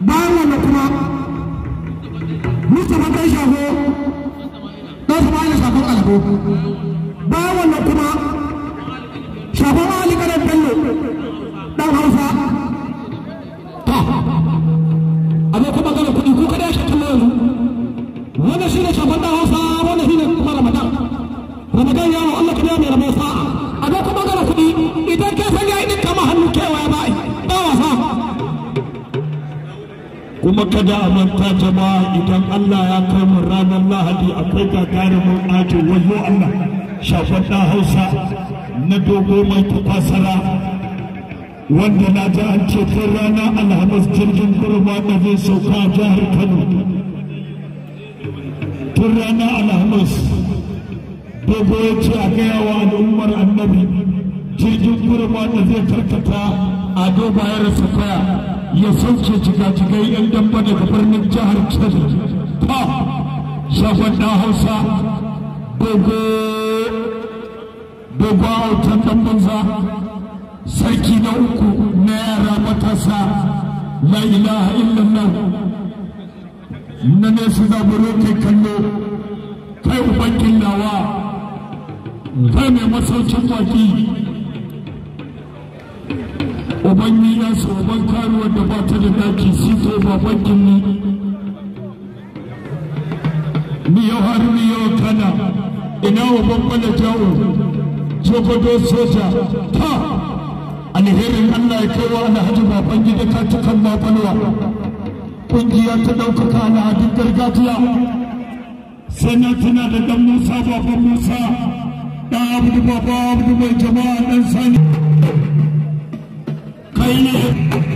bayan wannan kuma mustapha ɗan shafo ɗan sama'ila shafon wannan kuma shafon ali kanan bello hausa kuma ko kada ya shi ne shafon hausa shi ne kuma ramadan ramadan yaro allah ka biya mai ramadan kuma kada a manta jama'a idan Allah ya kai mu ranar Lahadi akwai mun ajo wayo Allah shafan Hausa na dogo mai tafasara wanda na ji an ce tun rana Alhamis jirgin kurma da zai sauka a jihar Kano tun rana Alhamis dogo ya ce a gaya wa al'ummar annabi jirgin kurma da zai karkata a dogo ya kwaya. ya sauke jigajigai 'yan damba daga birnin jihar Kebbi ta shafan ɗan Hausa dogo dogo autan ɗan banza sarki na uku na yara matasa la ilaha illallah na su zaburo kai kallo kai ubangin lawa kai mai masaukin waki uban yiyansa uban karuwar da ba ta da daki sito baban gini yau har miyo kana ina uban bala jawo jogodo soja ta alherin allah ya kai wa alhaji baban gida ta tukan mabalwa kungiya ta ɗaukaka al'adun gargajiya na tana da ɗan musa baban musa ɗan abu baba abu mai jama'a ɗan sani بينهم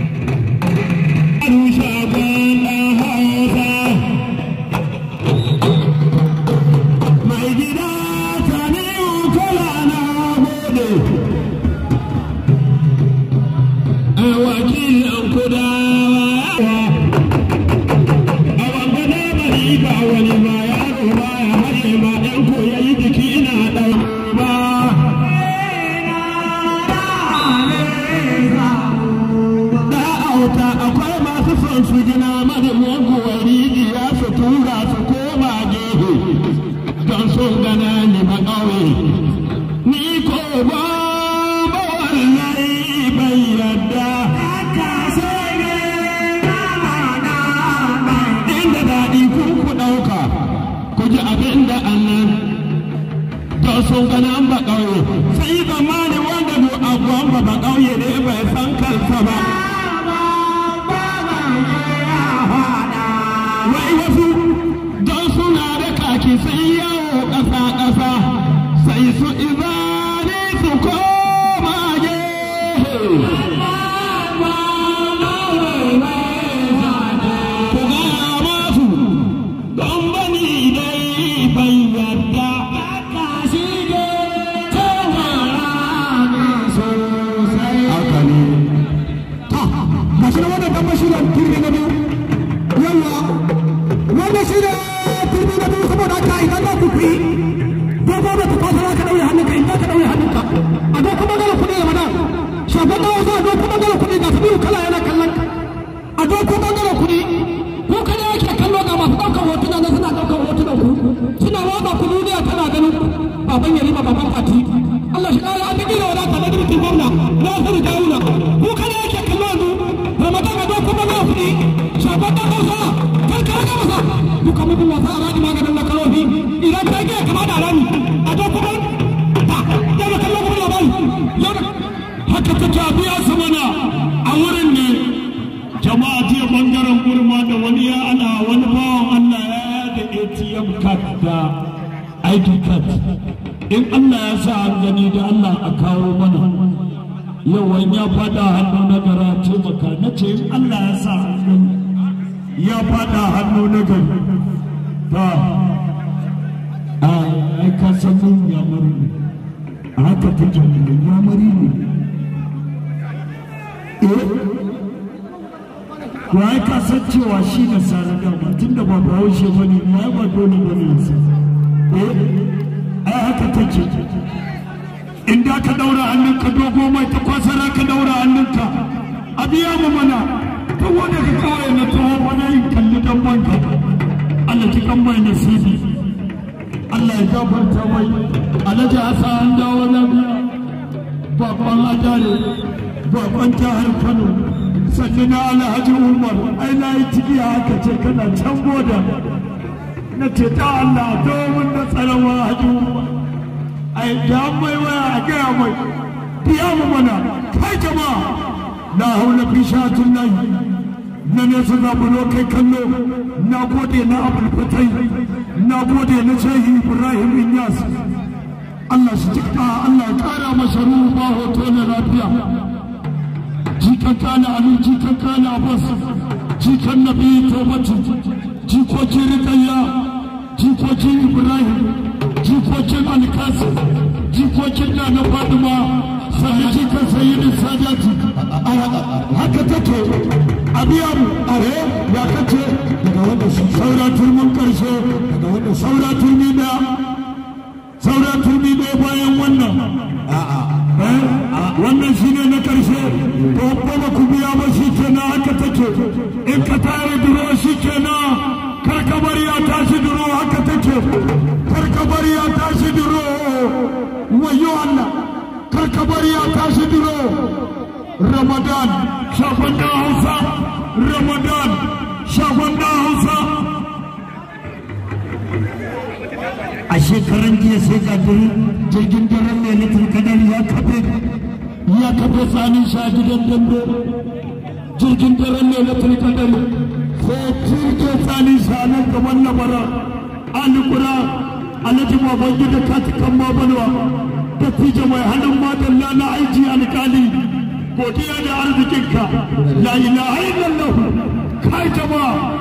sun gani an ba ƙauye sai zamani wanda bu abu ba ba ƙauye ne bai san kansa ba wai wasu don suna da kaki sai yawo ƙasa ƙasa sai su izani su koma gehe kuɗi dogo ba ta kwasa ka ɗauye ka ɗauye hannunka ya mana shafan a dokun magana kuɗi ga su biyu kala yana kallon haka ta tabi mana a wurin ne jama'a jiya bangaren gurma da wani ya ana wani bawan Allah ya da ATM card da ID card in Allah ya sa an gani da Allah a kawo mana yau wani ya fada hannu na gara taimaka na ce in Allah ya sa an gani ya fada hannu na gari ta a ka ya mun ne a haka take mun yamari ne ko ai yi san cewa shi na sara dama da ba bahaushe ba ne ba ba dole ba ne yanzu eh, ai haka take in da ka daura hannunka dogo mai ta kwasara ka daura hannunka a biya mu mana ta wanda ka kawai na taho wani yin kalli dan banka Allah ki kan mai nasibi Allah ya gafarta mai alhaji Hassan dawo lafiya babban ajiyar. Baban ta jihar kano Sannu na alhaji umar ai na yi tigiya haka ce kana can boda na ce ta allah domin na tsaron Haji umar ai da mai waya a gaya mai biya mu mana kai jama'a na hau na fi shatun nan na nesa na bulo kai kallo na gode na abul na gode na shehi ibrahim inyas Allah shi cika Allah ya kara masa ruhu ba hoto na lafiya jikanka na ali jikanka na abbas jikan nabi tobatu jikokin rikayya jikokin ibrahim jikokin alkasim jikokin na na fadima sannan jikan sayyidin sadati haka take abiyan are ya kace daga wanda shi saura turmin karshe daga wanda saura turmi da saura turmi da bayan wannan a'a wannan shine na karshe to kuma ku biya ba shi haka take in ka tare duro shi kenan karkabar ya tashi duro haka take karkabar ya tashi duro wayo Allah karkabar ya tashi duro Ramadan shafan da Hausa Ramadan a shekaran jiya sai ga jirgin daren lailatul kadar ya kafe ya kafe tsanin sha gidan dambe jirgin daren lailatul kadar ko jirgin tsanin sha nan gaban labara alukura alhaji baban gida katikan mabalwa dattijo mai hannun madalla na aiki alkali godiya da arzikinka la ilaha illallah kai jama'a